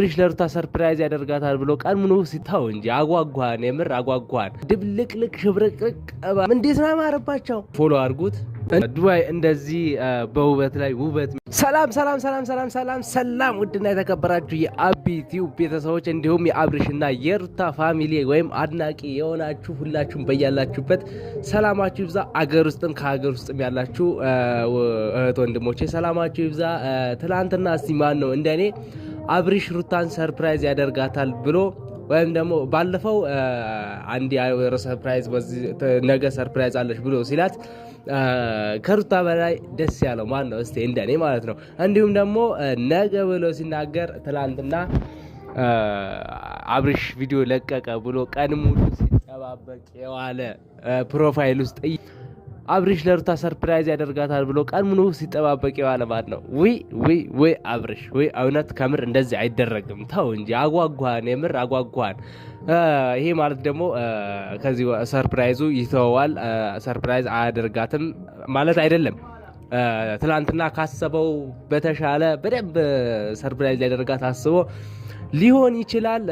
አብርሽ ለሩታ ሰርፕራይዝ ያደርጋታል ብሎ ቀን ምኑ ሲታው እንጂ አጓጓን፣ የምር አጓጓን። ድብልቅልቅ ሽብርቅርቅ እንዴት ነው ያማረባቸው። ፎሎ አድርጉት። ዱባይ እንደዚህ በውበት ላይ ውበት። ሰላም ሰላም ሰላም ሰላም ሰላም ሰላም! ውድና የተከበራችሁ የአቢ ቲዩብ ቤተሰቦች እንዲሁም የአብርሽና የሩታ ፋሚሊ ወይም አድናቂ የሆናችሁ ሁላችሁም በያላችሁበት ሰላማችሁ ይብዛ። አገር ውስጥም ከሀገር ውስጥም ያላችሁ እህት ወንድሞቼ ሰላማችሁ ይብዛ። ትላንትና ሲማን ነው እንደኔ አብሪሽ ሩታን ሰርፕራይዝ ያደርጋታል ብሎ ወይም ደግሞ ባለፈው አንድ ሰርፕራይዝ ነገ ሰርፕራይዝ አለች ብሎ ሲላት ከሩታ በላይ ደስ ያለው ማን ነው? እስቲ እንደኔ ማለት ነው። እንዲሁም ደግሞ ነገ ብሎ ሲናገር ትላንትና አብሪሽ ቪዲዮ ለቀቀ ብሎ ቀን ሙሉ ሲጠባበቅ የዋለ ፕሮፋይል ውስጥ አብርሽ ለሩታ ሰርፕራይዝ ያደርጋታል ብሎ ቀን ሙሉ ሲጠባበቅ የዋለ ማለት ነው። ውይ ውይ ውይ አብርሽ ውይ፣ እውነት ከምር እንደዚህ አይደረግም። ተው እንጂ አጓጓን፣ የምር አጓጓን። ይሄ ማለት ደግሞ ከዚህ ሰርፕራይዙ ይተወዋል፣ ሰርፕራይዝ አያደርጋትም ማለት አይደለም። ትላንትና ካሰበው በተሻለ በደንብ ሰርፕራይዝ ሊያደርጋት አስቦ ሊሆን ይችላል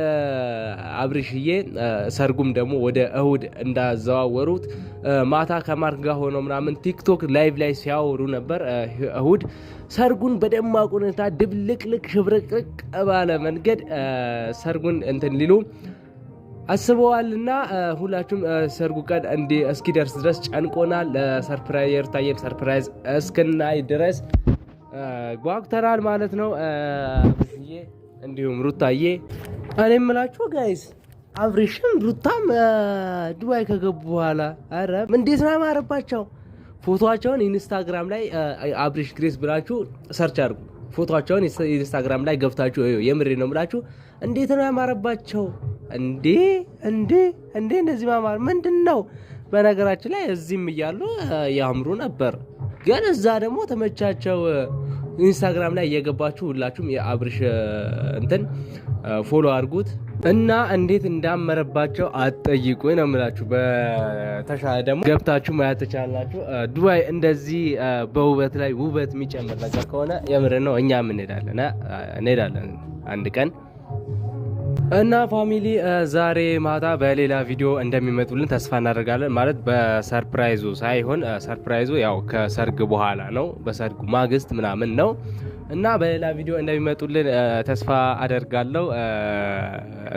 አብርሽዬ። ሰርጉም ደግሞ ወደ እሁድ እንዳዘዋወሩት ማታ ከማርክ ጋር ሆኖ ምናምን ቲክቶክ ላይቭ ላይ ሲያወሩ ነበር። እሁድ ሰርጉን በደማቅ ሁኔታ ድብልቅልቅ ሽብርቅርቅ ባለ መንገድ ሰርጉን እንትን ሊሉ አስበዋልና ሁላችሁም ሰርጉ ቀን እንዲ እስኪደርስ ድረስ ጨንቆናል። ሰርፕራይዝ የሩታዬም ሰርፕራይዝ እስክናይ ድረስ ጓጉተናል ማለት ነው። እንዲሁም ሩታዬ እኔ የምላችሁ ጋይስ አብሬሽም ሩታም ዱባይ ከገቡ በኋላ አረ እንዴት ነው ያማረባቸው ፎቶቸውን ኢንስታግራም ላይ አብሬሽ ግሬስ ብላችሁ ሰርች አድርጉ። ፎቶቸውን ኢንስታግራም ላይ ገብታችሁ የምሬ ነው ብላችሁ እንዴት ነው ያማረባቸው! እንዴ እንዴ እንዴ! እንደዚህ ማማር ምንድን ነው? በነገራችን ላይ እዚህም እያሉ ያምሩ ነበር፣ ግን እዛ ደግሞ ተመቻቸው። ኢንስታግራም ላይ እየገባችሁ ሁላችሁም የአብርሽ እንትን ፎሎ አድርጉት እና እንዴት እንዳመረባቸው አጠይቁ ነው የምላችሁ። በተሻለ ደግሞ ገብታችሁ ማየት ትችላላችሁ። ዱባይ እንደዚህ በውበት ላይ ውበት የሚጨምር ነገር ከሆነ የምር ነው እኛ እንሄዳለን እንሄዳለን አንድ ቀን እና ፋሚሊ ዛሬ ማታ በሌላ ቪዲዮ እንደሚመጡልን ተስፋ እናደርጋለን። ማለት በሰርፕራይዙ ሳይሆን ሰርፕራይዙ ያው ከሰርግ በኋላ ነው፣ በሰርጉ ማግስት ምናምን ነው። እና በሌላ ቪዲዮ እንደሚመጡልን ተስፋ አደርጋለሁ።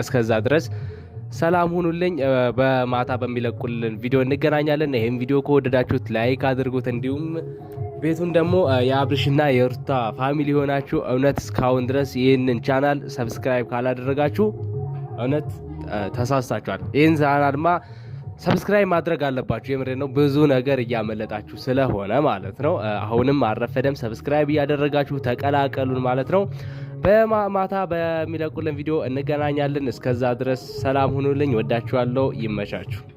እስከዛ ድረስ ሰላም ሁኑልኝ። በማታ በሚለቁልን ቪዲዮ እንገናኛለን። ይህም ቪዲዮ ከወደዳችሁት ላይክ አድርጉት፣ እንዲሁም ቤቱን ደግሞ የአብርሽና የሩታ ፋሚሊ የሆናችሁ እውነት እስካሁን ድረስ ይህንን ቻናል ሰብስክራይብ ካላደረጋችሁ እውነት ተሳስታችኋል። ይህን ቻናልማ ሰብስክራይብ ማድረግ አለባችሁ። የምሬ ነው። ብዙ ነገር እያመለጣችሁ ስለሆነ ማለት ነው። አሁንም አረፈደም ሰብስክራይብ እያደረጋችሁ ተቀላቀሉን ማለት ነው። በማታ በሚለቁልን ቪዲዮ እንገናኛለን። እስከዛ ድረስ ሰላም ሁኑልኝ። ወዳችኋለሁ። ይመቻችሁ።